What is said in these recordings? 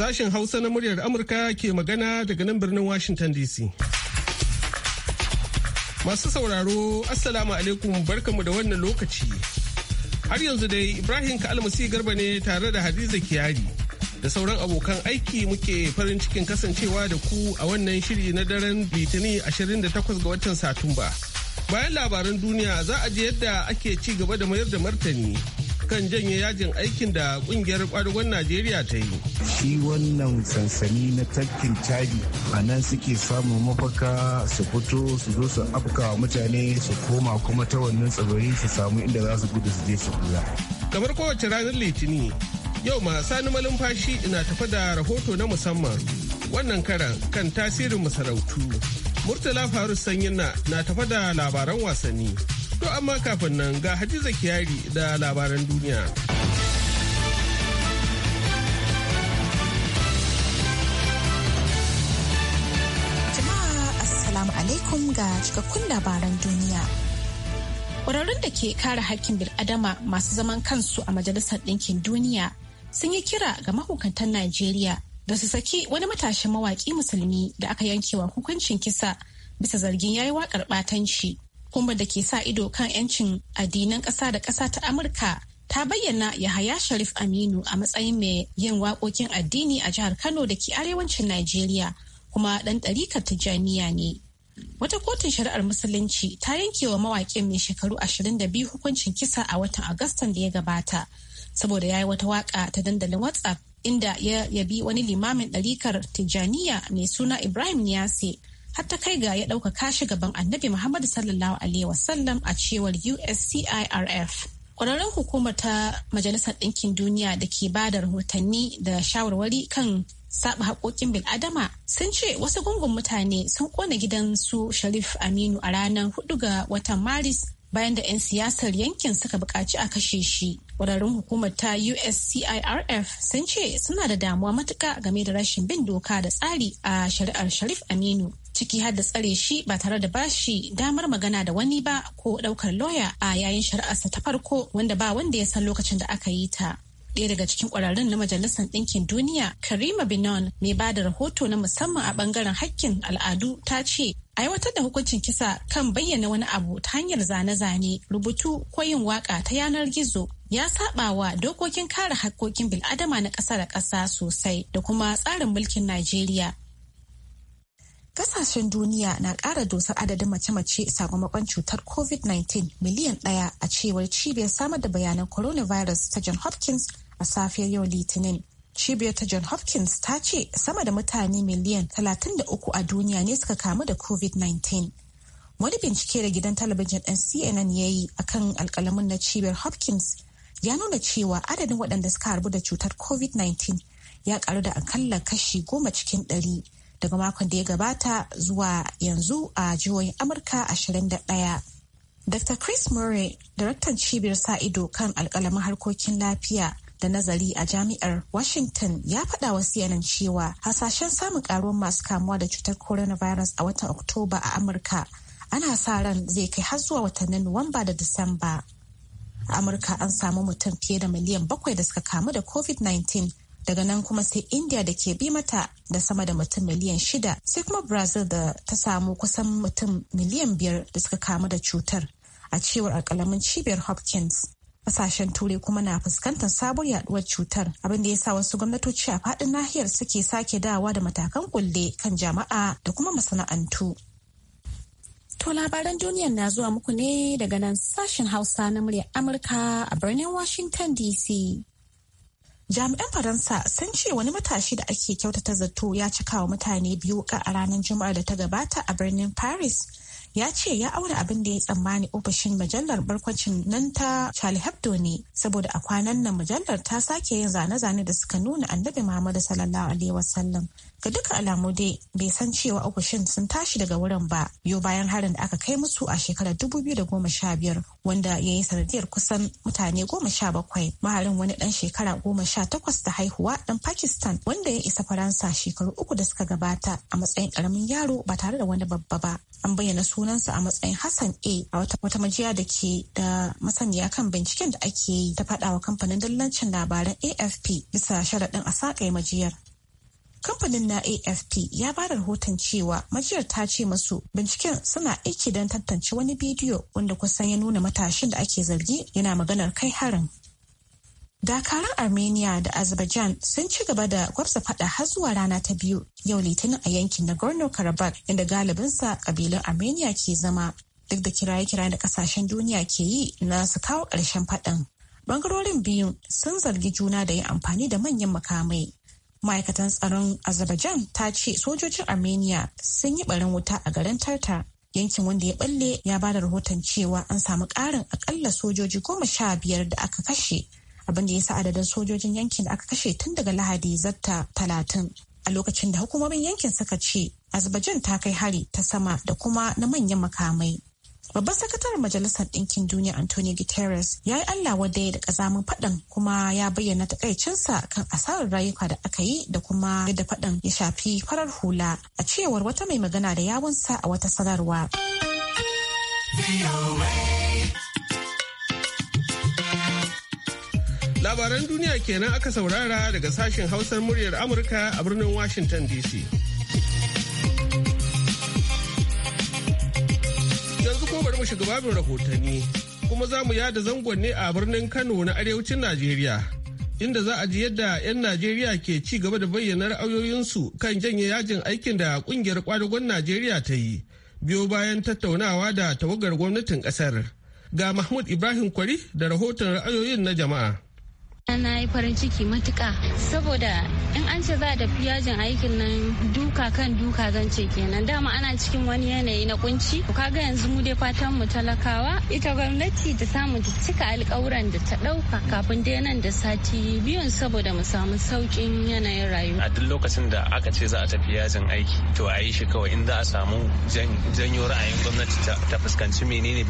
Sashen Hausa na muryar Amurka ke magana daga nan birnin Washington DC. Masu sauraro, Assalamu alaikum barkamu da wannan lokaci. Har yanzu dai Ibrahim Kalmasi Garba ne tare da Hadiza Kiyari da sauran abokan aiki muke farin cikin kasancewa da ku a wannan shiri na daren Litinin 28 ga watan Satumba. Bayan labaran duniya za a ji yadda ake ci gaba da mayar da martani kan janye yajin aikin da kungiyar kwadugon najeriya ta yi shi wannan sansani na tafkin caji. a nan suke samun mafaka su fito su zo su wa mutane su koma kuma ta wannan tsibiri su samu inda za su gudu su je su kula kamar kowace ranar litini yau ma sani malumfashi ina tafa da rahoto na musamman wannan karan kan tasirin masarautu murtala faru sanyin na tafa da labaran wasanni To amma kafin nan ga Hadiza Kiyari da labaran duniya. Jama'a Assalamu alaikum ga cikakkun labaran duniya. Ƙwararrun da ke kare hakkin bil'adama masu zaman kansu a Majalisar Ɗinkin Duniya sun yi kira ga mahukuntan Najeriya da su saki wani matashin mawaƙi musulmi da aka yankewa hukuncin kisa bisa zargin yayi waƙar ɓatanci. kuma da ke sa ido kan 'yancin addinan ƙasa da ƙasa ta Amurka ta bayyana Yahaya Sharif Aminu a matsayin mai yin waƙoƙin addini a jihar Kano da ke arewacin Najeriya kuma ɗan ɗarikar Tijjaniya ne. Wata kotun shari'ar Musulunci ta yanke wa mawaƙin mai shekaru ashirin da biyu hukuncin kisa a watan Agustan da ya gabata saboda ya yi wata waƙa ta dandalin WhatsApp inda ya yabi wani limamin ɗarikar Tijjaniya mai suna Ibrahim Niyase har ta kai ga ya ɗaukaka shi gaban annabi Muhammadu sallallahu alaihi wasallam a cewar USCIRF. Ƙwararren hukumar ta Majalisar Ɗinkin Duniya da ke ba da rahotanni da shawarwari kan saɓa haƙoƙin Adama sun ce wasu gungun mutane sun ƙona gidan su Sharif Aminu a ranar 4 ga watan Maris bayan da 'yan siyasar yankin suka buƙaci a kashe shi. Kwararrun hukumar ta USCIRF sun ce suna da damuwa matuka game da rashin bin doka da tsari a shari'ar Sharif Aminu. Ciki har da tsare shi ba tare da bashi damar magana da wani ba ko ɗaukar loya a yayin shari'arsa ta farko wanda ba wanda ya san lokacin da aka yi ta. ɗaya daga cikin ƙwararrun na majalisar ɗinkin duniya karima binon mai ba da rahoto na musamman a ɓangaren hakkin al'adu ta ce aiwatar da hukuncin kisa kan bayyana wani abu ta hanyar zane-zane rubutu ko yin waka ta yanar gizo ya saba wa dokokin kare hakkokin bil'adama na ƙasa da ƙasa sosai da kuma tsarin mulkin najeriya Kasashen duniya na ƙara dosar adadin mace-mace sakamakon cutar COVID-19 miliyan ɗaya a cewar cibiyar samar da bayanan coronavirus ta John Hopkins a safiyar yau Litinin. Cibiyar ta John Hopkins ta ce sama da mutane miliyan 33 a duniya ne suka kamu da COVID-19. Wani bincike da gidan talabijin ɗin CNN ya yi a kan alƙalamin na cibiyar Hopkins ya nuna cewa adadin waɗanda suka harbu da cutar COVID-19 ya karu da akalla kashi goma cikin ɗari. daga makon da ya gabata zuwa yanzu a jihohin Amurka 21. Dr. Chris Murray, daraktan cibiyar sa ido kan alkalamin harkokin lafiya da nazari a jami'ar Washington ya faɗa wa CNN cewa hasashen samun karuwar masu kamuwa da cutar coronavirus a watan Oktoba a Amurka ana sa ran zai kai har zuwa watannin Nuwamba da Disamba. A Amurka an samu mutum fiye da miliyan bakwai da suka kamu da COVID-19 daga nan kuma sai india da ke bi mata da sama da mutum miliyan shida sai kuma brazil da ta samu kusan mutum miliyan biyar da suka kamu da cutar a cewar alkalamin cibiyar hopkins kasashen turai kuma na fuskantar sabon yaduwar cutar abinda ya sa wasu gwamnatoci a fadin nahiyar suke sake dawa da matakan kulle kan jama'a da kuma masana'antu to labaran duniya na zuwa muku ne daga nan sashen hausa na muryar amurka a birnin washington dc jami'an faransa sun ce wani matashi da ake kyautata zato ya cika wa mutane biyu ka a ranar juma'ar da ta gabata a birnin paris ya ce ya aure abin da ya tsammani ofishin Majallar barkwacin nan ta Charlie Hebdo ne saboda a kwanan nan Majallar ta sake yin zane-zane da suka nuna annabi Muhammadu sallallahu alaihi wasallam ga duka alamu dai bai san cewa ofishin sun tashi daga wurin ba biyo bayan harin da aka kai musu a shekarar 2015 wanda ya yi sanadiyar kusan mutane goma sha bakwai maharin wani dan shekara goma sha takwas da haihuwa dan pakistan wanda ya isa faransa shekaru uku da suka gabata a matsayin karamin yaro ba tare da wani babba ba an bayyana sunansa a matsayin hassan a a wata majiya da ke da masaniya kan binciken da ake yi ta faɗawa kamfanin dillancin labaran afp bisa sharaɗin a saƙa majiyar kamfanin na afp ya ba da rahoton cewa majiyar ta ce masu binciken suna aiki don tantance wani bidiyo wanda kusan ya nuna matashin da ake zargi yana maganar kai harin dakaran armenia da azerbaijan sun ci gaba da gwabza fada har zuwa rana ta biyu yau litinin a yankin nagorno-karabakh inda galibinsa kabilun armenia ke zama duk da kiraye-kiraye da kasashen duniya ke yi na su kawo ƙarshen faɗan. Bangarorin biyun sun zargi juna da yin amfani da manyan makamai ma'aikatan tsaron azerbaijan ta ce sojojin armenia sun yi barin wuta a garin tarta yankin wanda ya balle ya ba da rahoton cewa an samu karin akalla sojoji goma sha biyar da aka kashe abin da ya sa adadin sojojin yankin da aka kashe tun daga lahadi zatta talatin a lokacin da hukumomin yankin suka ce azerbaijan ta kai hari ta sama da kuma na manyan makamai Babban sakataren Majalisar Ɗinkin Duniya Antonio Guterres ya yi Allah ya da ƙazamin faɗan kuma ya bayyana takaicinsa kan asarar rayuka da aka yi da kuma yadda faɗan ya shafi farar hula a cewar wata mai magana da yawunsa a wata sanarwa. Labaran duniya kenan aka saurara daga sashen hausar muryar Amurka a birnin Washington DC. mu shiga babin rahotanni kuma za mu yada zangon ne a birnin Kano na arewacin Najeriya. Inda za a ji yadda 'yan Najeriya ke ci gaba da bayyana ra'ayoyinsu kan janye yajin aikin da kungiyar kwadagon Najeriya ta yi, biyo bayan tattaunawa da tawagar gwamnatin kasar. Ga Mahmud Ibrahim Kwari da rahoton ra'ayoyin na jama'a. na yi farin ciki matuka saboda in an ce za a tafi yajin aikin nan duka kan duka zan ce kenan dama ana cikin wani yanayi na kunci kaga yanzu mu dai fatan mu talakawa ita gwamnati ta samu ta cika alkawuran da ta dauka kafin dai nan da sati biyun saboda mu samu saukin yanayin rayuwa a duk lokacin da aka ce za a tafi yajin aiki to a yi shi kawai in za a samu janyo ra'ayin gwamnati ta fuskanci menene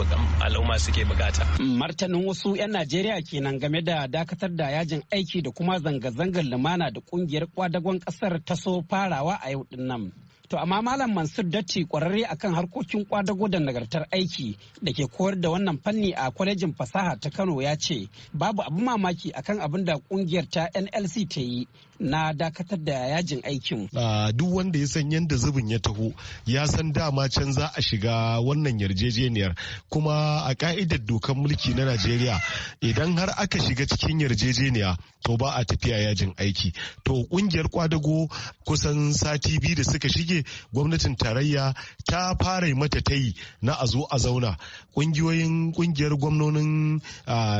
al'umma suke bukata martanin wasu 'yan najeriya kenan game da dakatar da yajin aiki da kuma zanga-zangar lumana da kungiyar kwadagon kasar ta so farawa a yau din nan. To amma Malam Mansur Datti kwararre akan harkokin kwadago da nagartar aiki da ke koyar da wannan fanni a kwalejin fasaha ta Kano ya ce babu abin mamaki akan abin da kungiyar ta NLC ta yi na dakatar da yajin aikin. Duk wanda ya san yadda zubin ya taho ya san dama can za a shiga wannan yarjejeniyar kuma a ka'idar dokar mulki na Najeriya idan har aka shiga cikin yarjejeniya to ba a tafiya yajin aiki. To kungiyar kwadago kusan sati biyu da suka shige gwamnatin tarayya ta fara mata tayi na a zo a zauna. Kungiyoyin kungiyar gwamnonin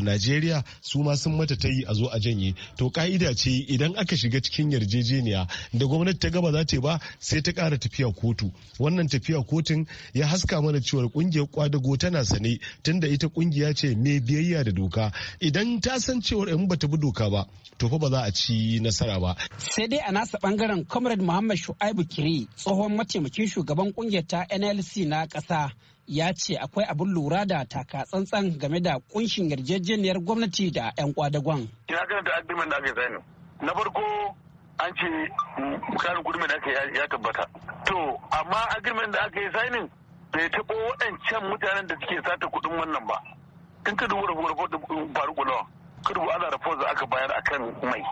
Najeriya su ma sun mata tayi a zo a janye. To ka'ida ce idan aka shiga shiga cikin yarjejeniya da gwamnati ta gaba za ta ba sai ta kara tafiya kotu wannan tafiya kotun ya haska mana cewar kungiyar kwadago tana sane tunda ita kungiya ce mai biyayya da doka idan ta san cewar in bata bi doka ba to fa ba za a ci nasara ba sai dai a nasa bangaren comrade muhammad shu'aibu kiri tsohon mataimakin shugaban kungiyar ta nlc na kasa ya ce akwai abin lura da taka tsantsan game da kunshin yarjejeniyar gwamnati da 'yan kwadagon. Ina ganin da agreement da aka sani. na farko an ce karin gudunmi da aka ya tabbata to amma agreement da aka yi sainin, bai taɓo waɗancan mutanen da suke sata kuɗin wannan ba in ka dubu rabu rabu faru gulawa ka dubu ana rafu da aka bayar akan mai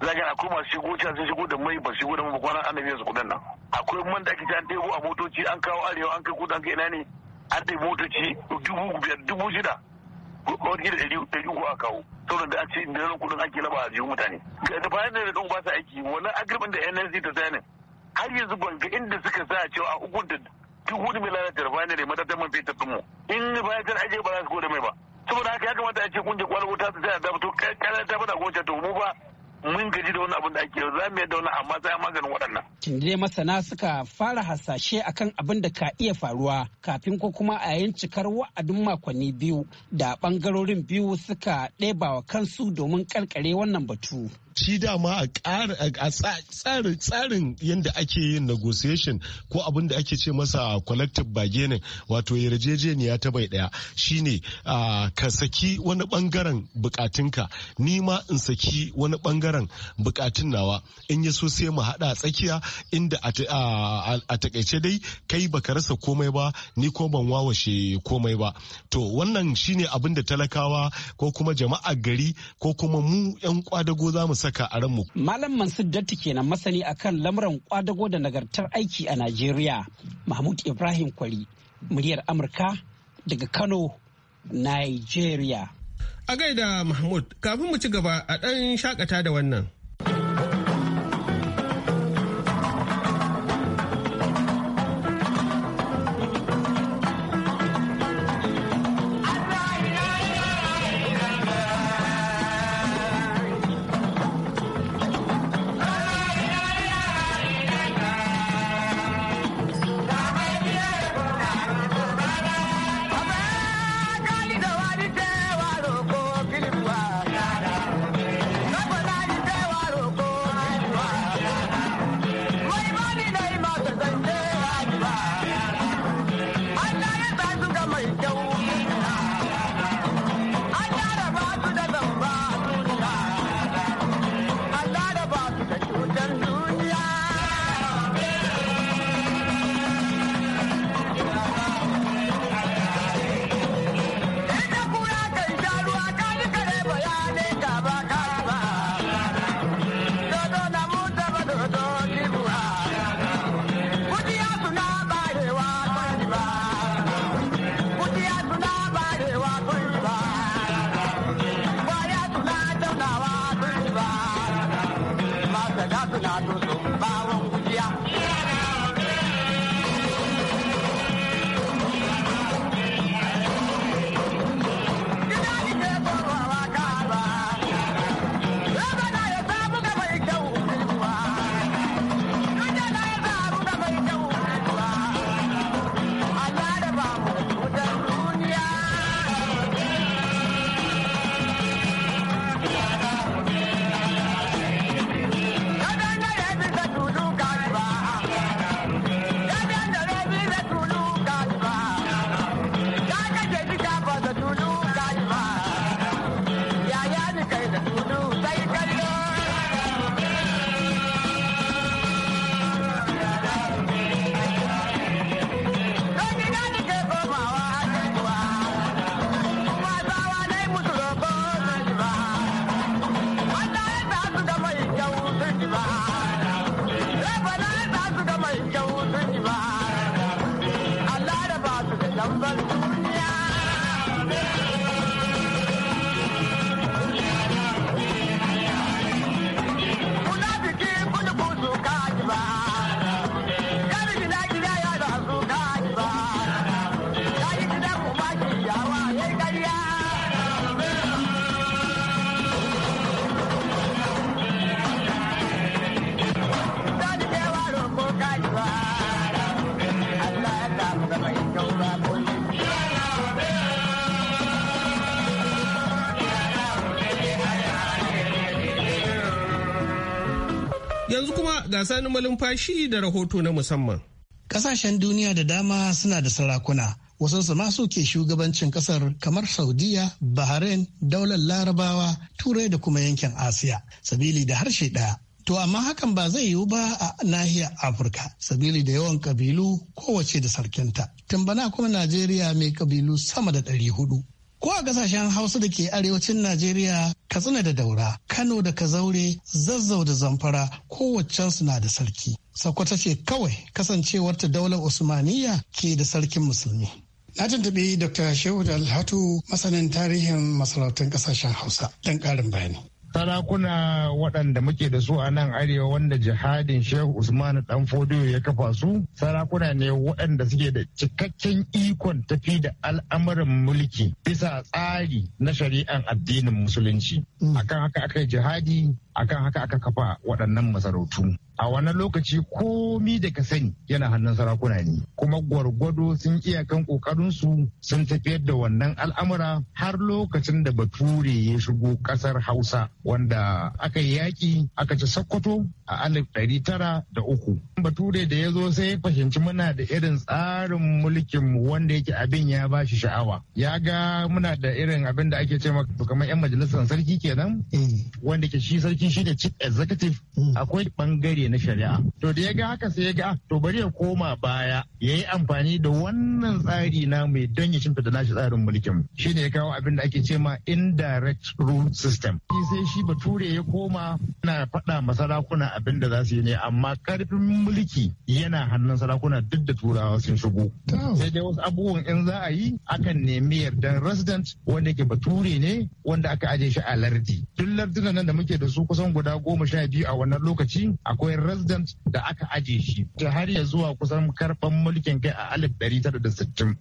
zagin akwai masu shigo can sun shigo da mai ba shigo da mai an annabi su kudin nan akwai man da ake ta an ɗebo a motoci an kawo arewa an kai kudin an kai ina ne an ɗebo motoci dubu biyar dubu shida wani da ɗari uku a kawo saboda a ce da kuɗin ake laba a jiyu mutane da bayan da ɗan basa su aiki wannan agreement da nsd ta sanin har yanzu ban ga inda suka sa cewa a hukunta duk wani mai lalatar bayan da matatan man fetur ɗinmu in bayan kan ajiye ba za su da mai ba saboda haka ya kamata a ce kungiyar kwalwata ta ta fito kana ta fada gwamnati to mu ba mun gaji da wani abin da ake za mu yadda wani amma tsaya maganin waɗannan. Tunda masana suka fara hasashe akan abin da ka iya faruwa kafin ko kuma a yayin cikar wa'adin makonni biyu da bangarorin biyu suka ɗeba wa kansu domin karkare wannan batu. Shi dama a tsarin tsarin yadda ake yin negotiation ko abin da ake ce masa collective bargaining wato yarjejeniya ta bai daya shine ka saki wani bangaren bukatunka ni ma in saki wani bangaren bangaren bukatun nawa in ya so sai mu hada tsakiya inda a takaice dai kai baka rasa komai ba ni ko ban wawashe komai ba to wannan shine abin da talakawa ko kuma jama'ar gari ko kuma mu yan kwadago za mu saka a ranmu malam mansur datti kenan masani akan lamuran kwadago da nagartar aiki a najeriya mahmud ibrahim kwari muryar amurka daga kano nigeria A gaida Mahmud, kafin mu ci gaba a ɗan shakata da wannan. ga sani malumfashi da rahoto na musamman. Kasashen duniya da dama suna da sarakuna, wasansu ma ke shugabancin kasar kamar Saudiya, Bahrain, daular Larabawa, Turai da kuma yankin Asiya, sabili da harshe ɗaya. To amma hakan ba zai yiwu ba a nahiyar Afirka, sabili da yawan kabilu kowace da sarkinta. Tumbana kuma Najeriya mai kabilu sama da ɗari hudu. ko a ƙasashen hausa da ke arewacin najeriya katsina da daura kano da kazaure zazzau da zamfara kowaccensu na da sarki ta ce kawai kasancewarta daular usmaniya ke da sarkin musulmi na tuntuɓi dr shehu da alhatu masanin tarihin masarautun ƙasashen hausa don ƙarin bayani sarakuna waɗanda muke da su a nan arewa wanda jihadin shehu usman dan fodiyo ya kafa su sarakuna ne waɗanda suke da cikakken ikon tafi da al'amuran mulki bisa tsari na shari'an addinin musulunci mm. akan haka aka yi jihadi akan haka aka kafa waɗannan masarautu a wannan lokaci komi da ka sani yana hannun sarakuna ne kuma gwargwado sun iyakan ƙoƙarinsu sun tafiyar da wannan al'amura har lokacin da bature ya shigo ƙasar hausa wanda aka yi yaƙi aka ci sokoto a alif ɗari tara da uku. Bature da ya zo sai ya fahimci muna da irin tsarin mulkin mu. wanda yake abin ya ba shi sha'awa. Ya ga muna da irin abin da ake ce kamar 'yan majalisar sarki kenan eh. wanda ke shi sarki shi da chief executive hmm. akwai bangare na shari'a. To da ya ga haka sai ya ga ah, to bari ya koma baya ya yi amfani da wannan tsari na mai don ya shimfida nashi tsarin mulkin. mu. Shi ne ya kawo abin da ake ce ma indirect rule system. Sai shi bature ya koma na faɗa masarakuna abin da za su yi ne amma karfin mulki yana hannun sarakuna duk da turawa sun shigo sai dai wasu abubuwan in za a yi akan nemi yardan resident wanda ke bature ne wanda aka aje shi a lardi duk lardunan nan da muke da su kusan guda goma sha biyu a wannan lokaci akwai resident da aka aje shi da har ya zuwa kusan karfan mulkin kai a alif dari tara da sittin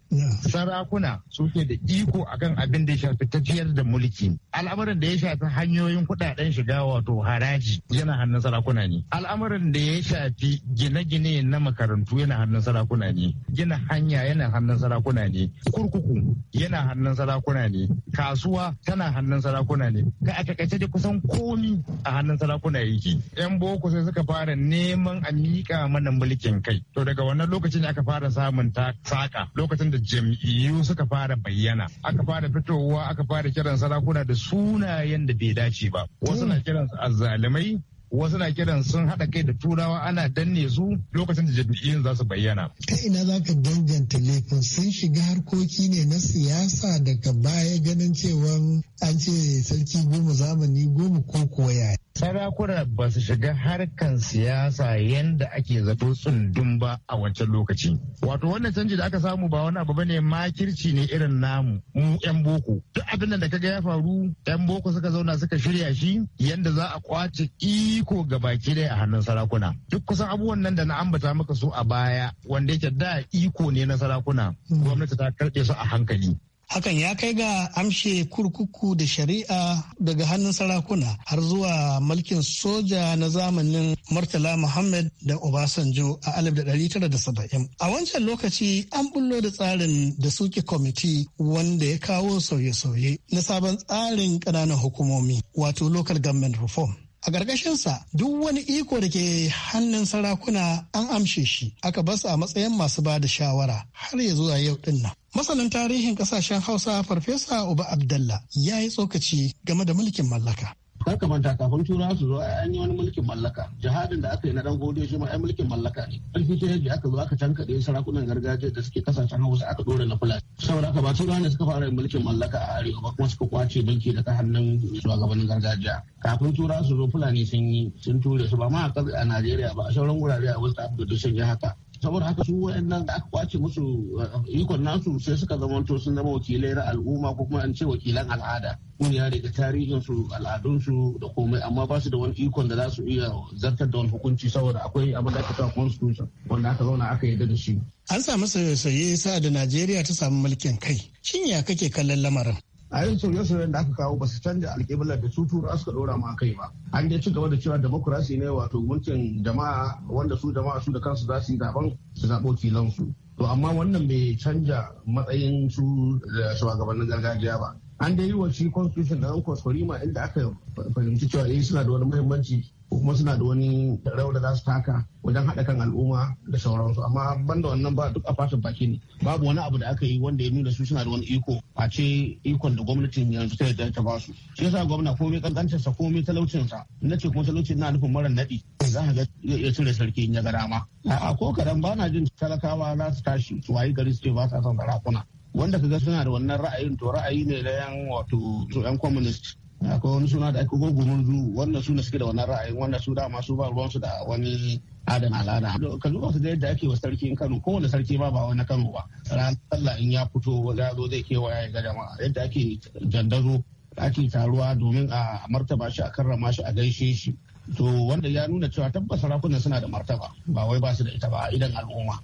sarakuna suke da iko akan abin da ya shafi tafiyar da mulki al'amarin da ya shafi hanyoyin kuɗaɗen shiga wato haraji yana hannun sarakuna ne al'amarin da ya shafi gine-gine na makarantu yana hannun sarakuna ne gina hanya yana hannun sarakuna ne kurkuku yana hannun sarakuna ne kasuwa tana hannun sarakuna ne ka a takaice da kusan komi a hannun sarakuna yake yan boko sai suka fara neman a miƙa mana mulkin kai to daga wannan lokacin aka fara samun ta saka lokacin da jam'iyyu suka fara bayyana aka fara fitowa aka fara kiran sarakuna da sunayen da bai dace ba wasu na kiransu azzalumai wasu na kiran sun haɗa kai da turawa ana danne su lokacin da jami'in za su bayyana. Ta ina za ka danganta laifin sun shiga harkoki ne na siyasa daga baya ganin cewa an ce sarki goma zamani goma ko koya. sarakuna ba su shiga harkan siyasa yadda ake zato tsundun ba a wancan lokaci. Wato wannan canji da aka samu ba wani abu bane makirci ne irin namu mu yan boko. Duk abin da kaga ya faru yan boko suka zauna suka shirya shi yadda za a kwace iko ga baki dai a hannun sarakuna. Duk kusan abubuwan nan da na ambata maka su a baya wanda yake da iko ne na sarakuna hmm. gwamnati ta karɓe su a hankali. hakan ya kai ga amshe kurkuku da shari'a daga hannun sarakuna har zuwa mulkin soja na zamanin murtala muhammad da obasanjo a 1970 a wancan lokaci an bullo da tsarin da suke kwamiti wanda ya kawo sauye-sauye na sabon tsarin ƙananan hukumomi wato local government reform a ƙarƙashinsa duk wani iko da ke hannun sarakuna an amshe shi aka basu a matsayin masu ba da shawara har ya zuwa yau din nan masanin tarihin ƙasashen hausa farfesa uba abdallah ya yi tsokaci game da mulkin mallaka kar ka manta kafin tura su zo a yi wani mulkin mallaka jihadin da aka yi na dan gode shi ma ai mulkin mallaka ne ƙarfi ta yaji aka zo aka da sarakunan gargajiya da suke kasashen hausa aka ɗora na fulani saboda haka ba turawa ne suka fara yin mulkin mallaka a arewa ba kuma suka kwace mulki daga hannun shugabannin gargajiya kafin tura su zo fulani sun yi sun ture su ba ma a a Najeriya ba a sauran wurare a wasu afirka da sun yi haka saboda haka su nan da aka kwace musu eh, ikon nasu sai suka zamanto sun zama wakilai na al'umma ko kuma an ce wakilan al'ada ya daga tarihin su al'adun su da komai amma ba su da wani ikon da za su iya zartar da wani hukunci saboda akwai abin da aka ta constitution wanda aka zauna aka yarda da shi an samu saye sauye sa da najeriya ta samu mulkin kai shin ya kake kallon lamarin a yin sauye-sauyen da aka kawo ba su canja alƙiblar da su tura suka dora ma kai ba an dai ci gaba da cewa demokurasi ne wato mulkin jama'a wanda su jama'a su da kansu za su yi zaben su zaɓo filansu. to amma wannan bai canja matsayin su da shugabannin gargajiya ba an dai yi wa shi constitution da an kwaskwari ma inda aka fahimci cewa eh suna da wani muhimmanci kuma suna da wani rawar da za su taka wajen haɗa kan al'umma da sauransu amma banda wannan ba duk a fatan baki ne babu wani abu da aka yi wanda ya nuna su suna da wani iko a ce ikon da gwamnatin yanzu ta yadda ta basu shi yasa gwamna komai kankancinsa sa komai talaucinsa sa na ce kuma talaucin na nufin mara naɗi za ga ya cire sarki in ya ga dama a ko kadan ba na jin talakawa za su tashi su wayi gari su ce ba sa son sarakuna wanda ka ga suna da wannan ra'ayin to ra'ayi ne na yan wato yan communist akwai wani suna da ake gurgurun zu wannan suna suke da wannan ra'ayin wannan su dama su ba su da wani adana al'ada ka duba su da yadda ake wa sarkin kano kowane sarki ma ba wani kano ba ran sallah in ya fito ya zo zai kewaya ga jama'a yadda ake jandazo ake taruwa domin a martaba shi a karrama shi a gaishe shi to wanda ya nuna cewa tabbas sarakunan suna da martaba ba wai ba su da ita ba idan al'umma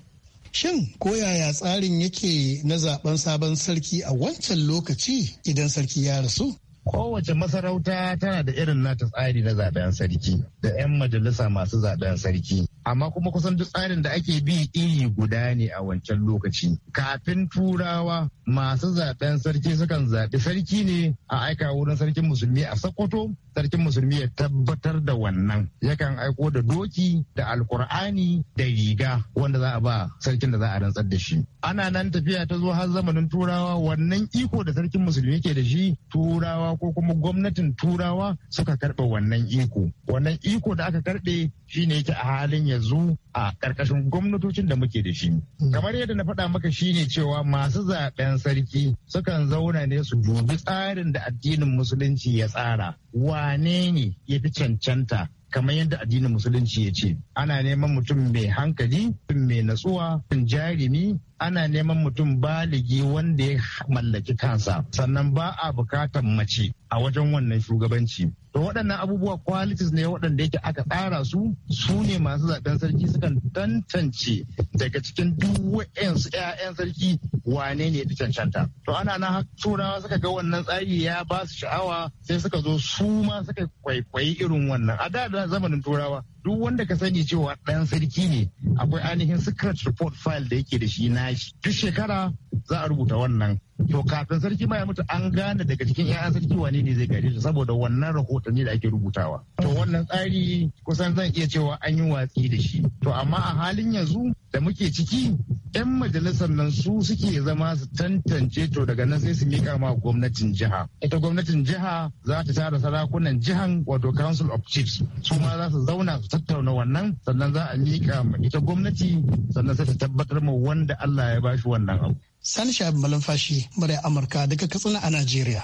Shin ko yaya tsarin yake na zaben sabon sarki a wancan lokaci idan sarki ya rasu? kowace masarauta tana da irin nata tsari na zaben sarki da 'yan majalisa masu zaben sarki amma kuma kusan duk tsarin da ake bi iri guda ne a wancan lokaci kafin turawa masu zaben sarki sukan zaɓi sarki ne a aika wurin sarkin musulmi a sokoto sarkin musulmi ya tabbatar da wannan yakan aiko da doki da alkur'ani da riga wanda za a ba sarkin da za a rantsar da shi ana nan tafiya ta zo har zamanin turawa wannan iko da sarkin musulmi yake da shi turawa ko kuma gwamnatin turawa suka karɓe wannan iko wannan iko da aka karɓe shine yake a halin yanzu a ƙarƙashin gwamnatocin da muke da shi hmm. kamar yadda na faɗa maka shine cewa masu zaɓen sarki sukan zauna ne su dubi tsarin da addinin musulunci ya tsara wane ne ya fi cancanta kamar yadda addinin musulunci ya ce ana neman mutum mai hankali mutum mai natsuwa jarimi ana neman mutum baligi wanda ya mallaki kansa sannan ba a bukatar mace a wajen wannan shugabanci to waɗannan abubuwa qualities ne waɗanda yake aka tsara su su ne masu zaben sarki sukan tantance daga cikin duk wa'ansu 'ya'yan sarki wane ne ya cancanta to ana na turawa suka ga wannan tsari ya ba su sha'awa sai suka zo su ma suka kwaikwayi irin wannan a da zamanin turawa duk wanda ka sani cewa ɗan sarki ne akwai ainihin secret report file da yake da shi na shi duk shekara za a rubuta wannan to kafin sarki ma ya mutu an gane daga cikin 'ya'yan sarki wane ne zai gare shi saboda wannan rahotanni da ake rubutawa to wannan tsari kusan zan iya cewa an yi watsi da shi to amma a halin yanzu da muke ciki 'yan majalisar nan su suke zama su tantance to daga nan sai su mika ma gwamnatin jiha ita gwamnatin jiha za ta tara sarakunan jihan wato council of chiefs su ma za su zauna su tattauna wannan sannan za a mika ma ita gwamnati sannan sai ta tabbatar ma wanda Allah ya bashi wannan abu. Sani Shahab Malumfashi, murya Amurka daga Katsina a Najeriya.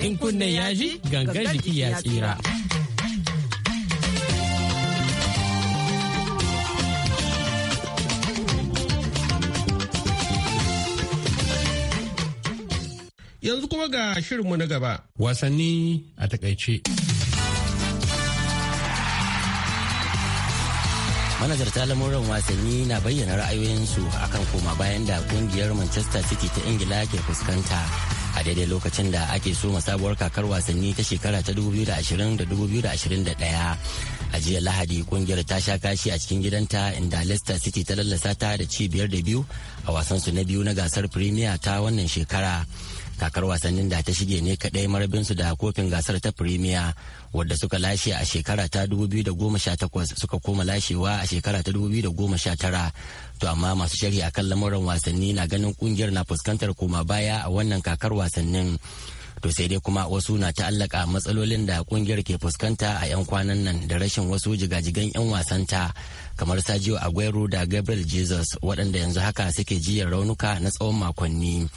in kunne ya ji gangan jiki ya tsira. Yanzu kuma ga shirinmu na gaba. Wasanni a takaice. ta lamuran wasanni na bayyana ra'ayoyinsu akan koma bayan da kungiyar manchester city ta ingila ke fuskanta a daidai lokacin da ake so sabuwar kakar wasanni ta shekara ta 2020 da 2021 a jiya lahadi kungiyar ta sha kashi a cikin gidanta inda leicester city ta lallasa ta da ci biyar da biyu a wasansu na biyu na gasar premier ta wannan shekara kakar wasannin da ta shige ne kadai su da kofin gasar ta premier wadda suka lashe a shekara ta 2018 suka koma lashewa a shekara ta 2019 to amma masu sharhi akan lamuran wasanni na ganin kungiyar na fuskantar koma baya a wannan kakar wasannin to sai dai kuma wasu na ta'allaka matsalolin da kungiyar ke fuskanta a 'yan kwanan nan da rashin wasu jigajigan 'yan wasanta kamar Sajiyo Aguero da Gabriel Jesus waɗanda yanzu haka suke jiyar raunuka na tsawon makonni.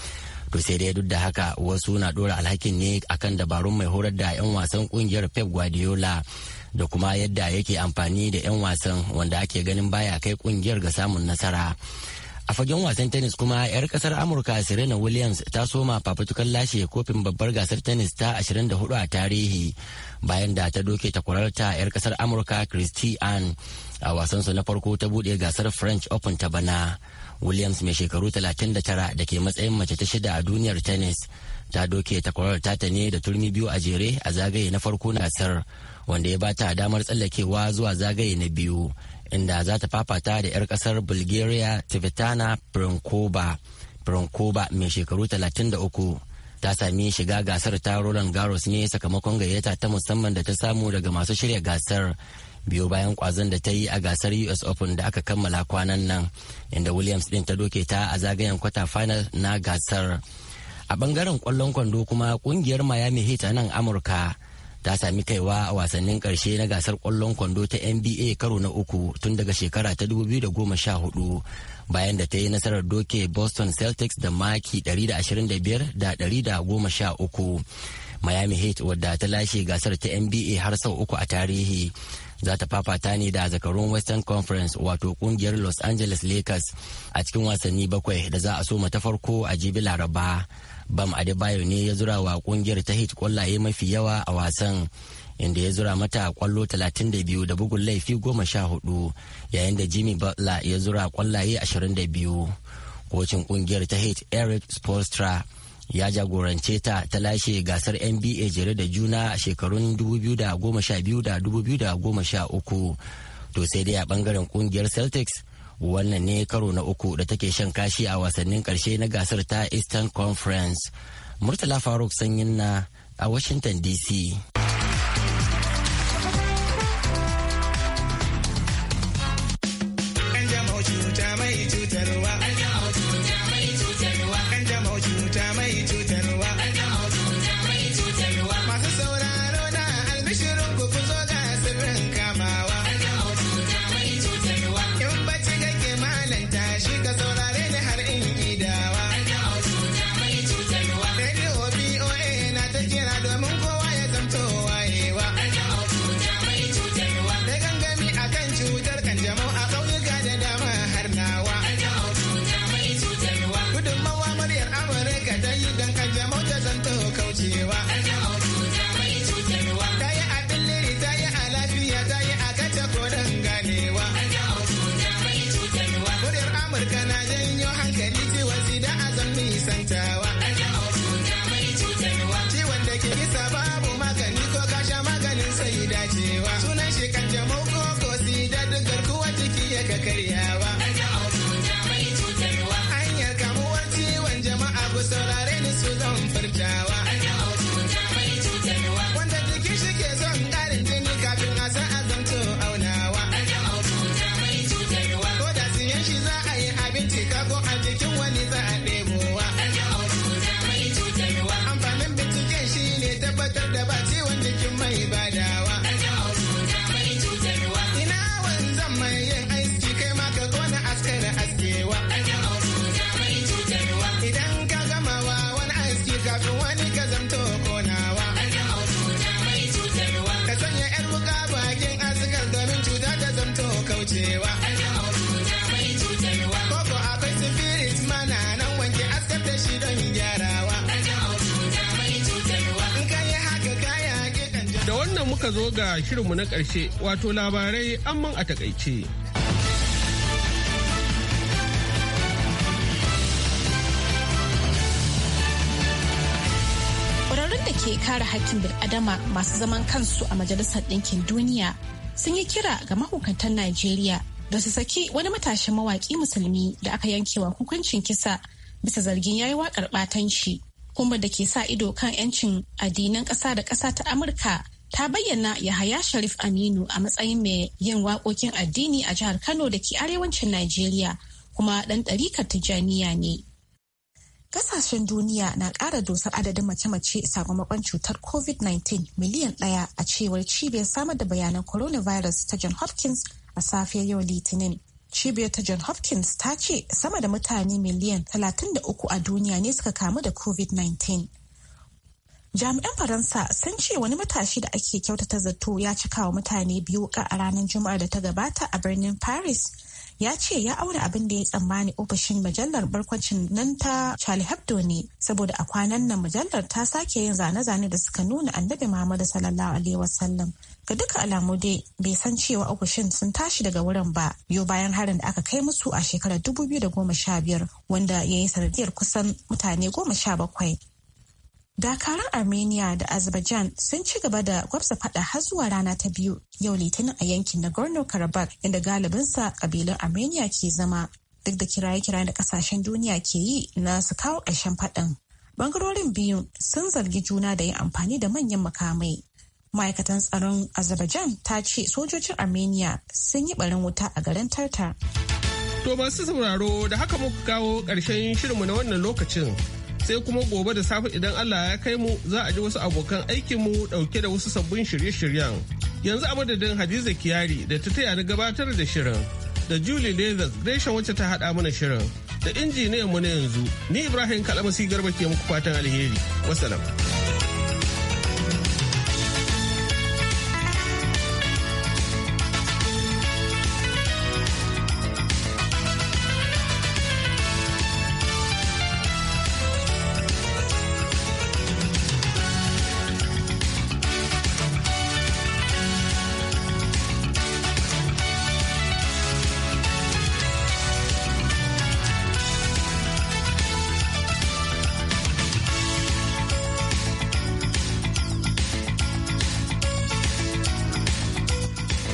to sai dai duk da haka wasu na dora alhakin ne akan dabarun mai horar da 'yan wasan kungiyar pep guardiola da kuma yadda yake amfani da 'yan wasan wanda ake ganin baya kai kungiyar ga samun nasara A fagen wasan tennis kuma 'yar kasar Amurka Serena Williams ta soma fafutukan lashe kofin babbar gasar tennis ta 24 a tarihi bayan da ta doke takwararta 'yar kasar Amurka Christian a wasansu na farko ta bude gasar French Open ta bana. Williams mai shekaru 39 da ke matsayin mace ta shida a duniyar tennis ta doke takwarar ta ne da turmi biyu a jere a zagaye na farko na gasar wanda ya ba bata damar tsallakewa zuwa zagaye na biyu inda za ta fafata da 'yar kasar bulgaria tivitana prankoba mai shekaru 33 ta sami shiga gasar ta roland garros ne sakamakon gayyata ta musamman da ta samu daga masu shirya gasar biyo bayan kwazon da ta yi a gasar us open da aka kammala kwanan nan inda williams din ta doke ta a zagayen kwata final na gasar a bangaren kwallon kwando kuma kungiyar miami heat a nan amurka ta sami kaiwa a wasannin karshe na gasar kwallon kwando ta nba karo na uku tun daga shekara ta 2014 bayan da ta yi nasarar doke boston celtics da maki 125 da 113 miami heat wadda ta lashe gasar ta nba har sau uku a tarihi za ta fafata ne da zakarun western conference wato kungiyar los angeles lakers a cikin wasanni bakwai da za a soma ta farko a jibi laraba bam adebayo ne ya zura wa kungiyar ta hit kwallaye mafi yawa a wasan inda ya zura mata kwallo 32 da bugun laifi 14 yayin da jimmy butler ya zura kwallaye 22 kocin kungiyar ta hit eric spolstra ya jagorance ta ta lashe gasar nba jere da juna a shekarun 2012 da 2013 to sai dai a bangaren kungiyar celtics wannan ne karo na uku da take shan kashi a wasannin karshe na gasar ta eastern conference murtala faruk sanyin na a washington dc ya karya Da wannan muka zo ga shirinmu na ƙarshe wato labarai amman a takaice. Ƙwararrun da ke kare hakkin bil'adama masu zaman kansu a Majalisar Ɗinkin Duniya sun yi kira ga mahukantar Najeriya da su saki wani matashin mawaƙi musulmi da aka yankewa hukuncin kisa bisa zargin yayi waƙar ɓatanci. kuma da ke sa ido kan 'yancin addinan ƙasa da ƙasa ta Amurka ta bayyana Yahaya Sharif Aminu a matsayin mai yin waƙoƙin addini a jihar Kano da ke arewacin Najeriya kuma ɗan ɗarikar Tijjaniya ne. Kasashen duniya na ƙara dosar adadin mace-mace sakamakon cutar COVID-19 miliyan ɗaya a cewar cibiyar samar da bayanan coronavirus ta John Hopkins a safiyar yau Litinin. Cibiyar ta John Hopkins ta ce sama da mutane miliyan 33 a duniya ne suka kamu da COVID-19. Jami'an Faransa sun ce wani matashi da ake kyautata zato ya cika wa mutane biyu ka a ranar Juma'ar da ta gabata a birnin Paris. Ya ce ya aure abin da ya tsammani ofishin mujallar barkwacin nan ta Charlie Hebdo ne saboda a kwanan nan mujallar ta sake yin zane-zane da suka nuna annabi Muhammadu sallallahu alaihi wasallam. Ga duka alamu dai bai san cewa ofishin sun tashi daga wurin ba yau bayan harin da aka kai musu a shekarar 2015 wanda ya yi sanadiyar kusan mutane 17 Dakarun Armenia da Azerbaijan sun ci gaba da gwabsa fada har zuwa rana ta biyu yau litinin a yankin Nagorno-Karabakh inda galibinsa kabilun Armenia ke zama duk da kiraye-kiraye da kasashen duniya ke yi na su kawo ƙarshen faɗan. Bangarorin biyu sun zargi juna da yin amfani da manyan makamai. Ma'aikatan tsaron Azerbaijan ta ce sojojin Armenia sun yi barin wuta a garin Tartar. To masu sauraro da haka muka kawo ƙarshen shirinmu na wannan lokacin. sai kuma gobe da safe idan Allah ya kai mu za a ji wasu abokan mu dauke da wasu sabbin shirye-shiryen. Yanzu a madadin Hadiza Kiyari da ta taya na gabatar da shirin da Julie Leathers Gresham wacce ta haɗa mana shirin da injiniyan mu na yanzu ni Ibrahim Kalamasi Garba ke muku fatan alheri. Wasalam.